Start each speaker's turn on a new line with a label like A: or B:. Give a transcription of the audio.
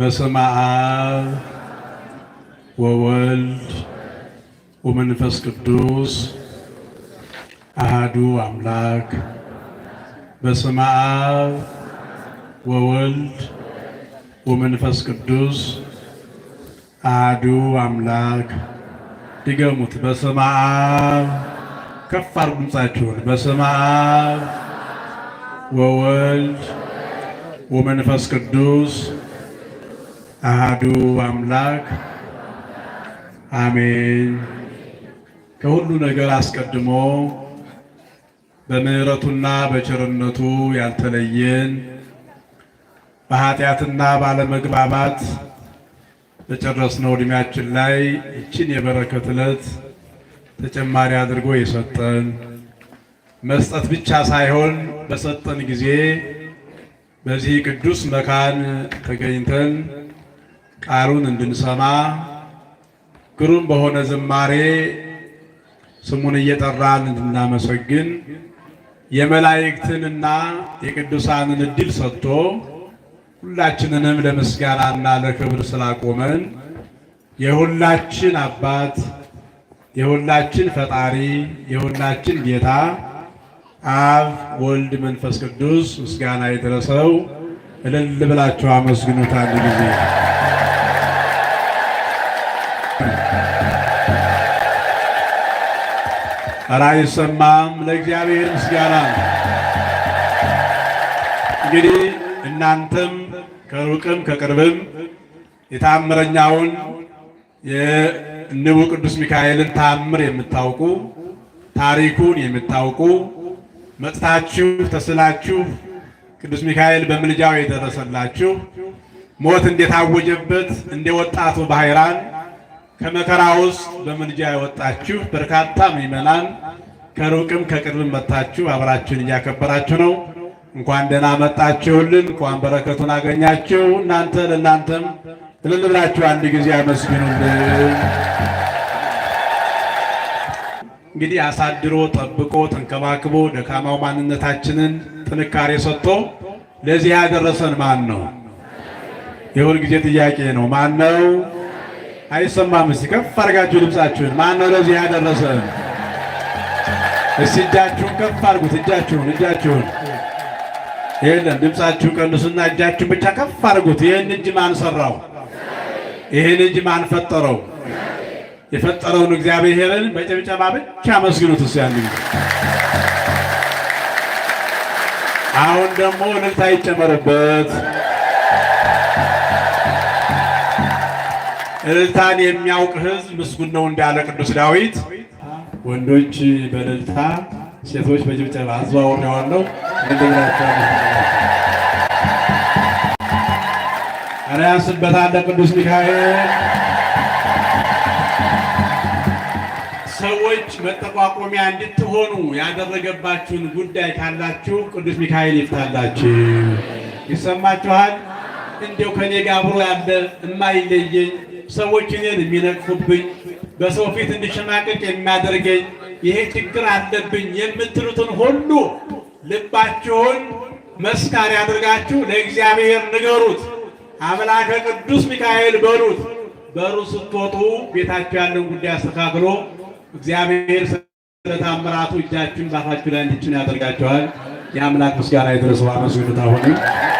A: በስመ አብ ወወልድ ወመንፈስ ቅዱስ አሃዱ አምላክ በስመ አብ ወወልድ ወመንፈስ ቅዱስ አሃዱ አምላክ። ድገሙት። በስመ አብ ከፍ አድርጉ በስመ አብ ወወልድ ወመንፈስ ቅዱስ አህዱ አምላክ አሜን። ከሁሉ ነገር አስቀድሞ በምሕረቱና በቸርነቱ ያልተለየን በኃጢአትና ባለመግባባት በጨረስነው ዕድሜያችን ላይ ይችን የበረከት ዕለት ተጨማሪ አድርጎ የሰጠን መስጠት ብቻ ሳይሆን በሰጠን ጊዜ በዚህ ቅዱስ መካን ተገኝተን ቃሉን እንድንሰማ ግሩም በሆነ ዝማሬ ስሙን እየጠራን እንድናመሰግን የመላእክትንና የቅዱሳንን እድል ሰጥቶ ሁላችንንም ለምስጋናና ለክብር ስላቆመን የሁላችን አባት የሁላችን ፈጣሪ የሁላችን ጌታ አብ ወልድ መንፈስ ቅዱስ ምስጋና ይድረሰው። እልል ብላችሁ አመስግኑት አንድ ጊዜ። ኧረ ሰማም ለእግዚአብሔር ምስጋና። እንግዲህ እናንተም ከሩቅም ከቅርብም የታምረኛውን የንቡ ቅዱስ ሚካኤልን ታምር የምታውቁ ታሪኩን የምታውቁ መጥታችሁ ተስላችሁ ቅዱስ ሚካኤል በምልጃው የደረሰላችሁ ሞት እንደታወጀበት እንደ ወጣቱ ባህራን ከመከራ ውስጥ በምልጃ ያወጣችሁ በርካታ ምዕመናን ከሩቅም ከቅርብም መጥታችሁ አብራችሁን እያከበራችሁ ነው። እንኳን ደህና መጣችሁልን፣ እንኳን በረከቱን አገኛችሁ። እናንተ ለእናንተም እልል አንድ ጊዜ አመስግኑልን። እንግዲህ አሳድሮ ጠብቆ ተንከባክቦ ደካማው ማንነታችንን ጥንካሬ ሰጥቶ ለዚህ ያደረሰን ማን ነው? የሁል ጊዜ ጥያቄ ነው። ማን ነው? አይሰማም። እስቲ ከፍ አድርጋችሁ ድምፃችሁን። ማን ነው ለዚህ ያደረሰ? እስቲ እጃችሁን ከፍ አድርጉት። እጃችሁን እጃችሁን የለም፣ ድምፃችሁ ቀንሱና እጃችሁን ብቻ ከፍ አድርጉት። ይህን እጅ ማን ሰራው? ይህን እጅ ማን ፈጠረው? የፈጠረውን እግዚአብሔርን በጨብጨባ ብቻ መስግኑት። እሱ ያን አሁን ደግሞ እልልታ ይጨመርበት። እልልታን የሚያውቅ ሕዝብ ምስጉን ነው እንዳለ ቅዱስ ዳዊት። ወንዶች በእልልታ ሴቶች በጭብጨባ አዘዋውሬዋለሁ። ኧረ ያንስበታል ቅዱስ ሚካኤል። ሰዎች መጠቋቋሚያ እንድትሆኑ ያደረገባችሁን ጉዳይ ካላችሁ ቅዱስ ሚካኤል ይፍታላችሁ። ይሰማችኋል? እንዲያው ከኔ ጋር አብሮ ያለ እማይለየኝ ሰዎች እኔን የሚነቅፉብኝ፣ በሰው ፊት እንድሸማቀቅ የሚያደርገኝ ይሄ ችግር አለብኝ የምትሉትን ሁሉ ልባችሁን መስካሪ አድርጋችሁ ለእግዚአብሔር ንገሩት። አምላከ ቅዱስ ሚካኤል በሉት። በሩ ስትወጡ ቤታችሁ ያለውን ጉዳይ አስተካክሎ እግዚአብሔር ስለታምራቱ እጃችሁን ባፋችሁ ላይ እንዲችን ያደርጋችኋል። የአምላክ ምስጋና ይድረሰው። አመስግኑት አሁንም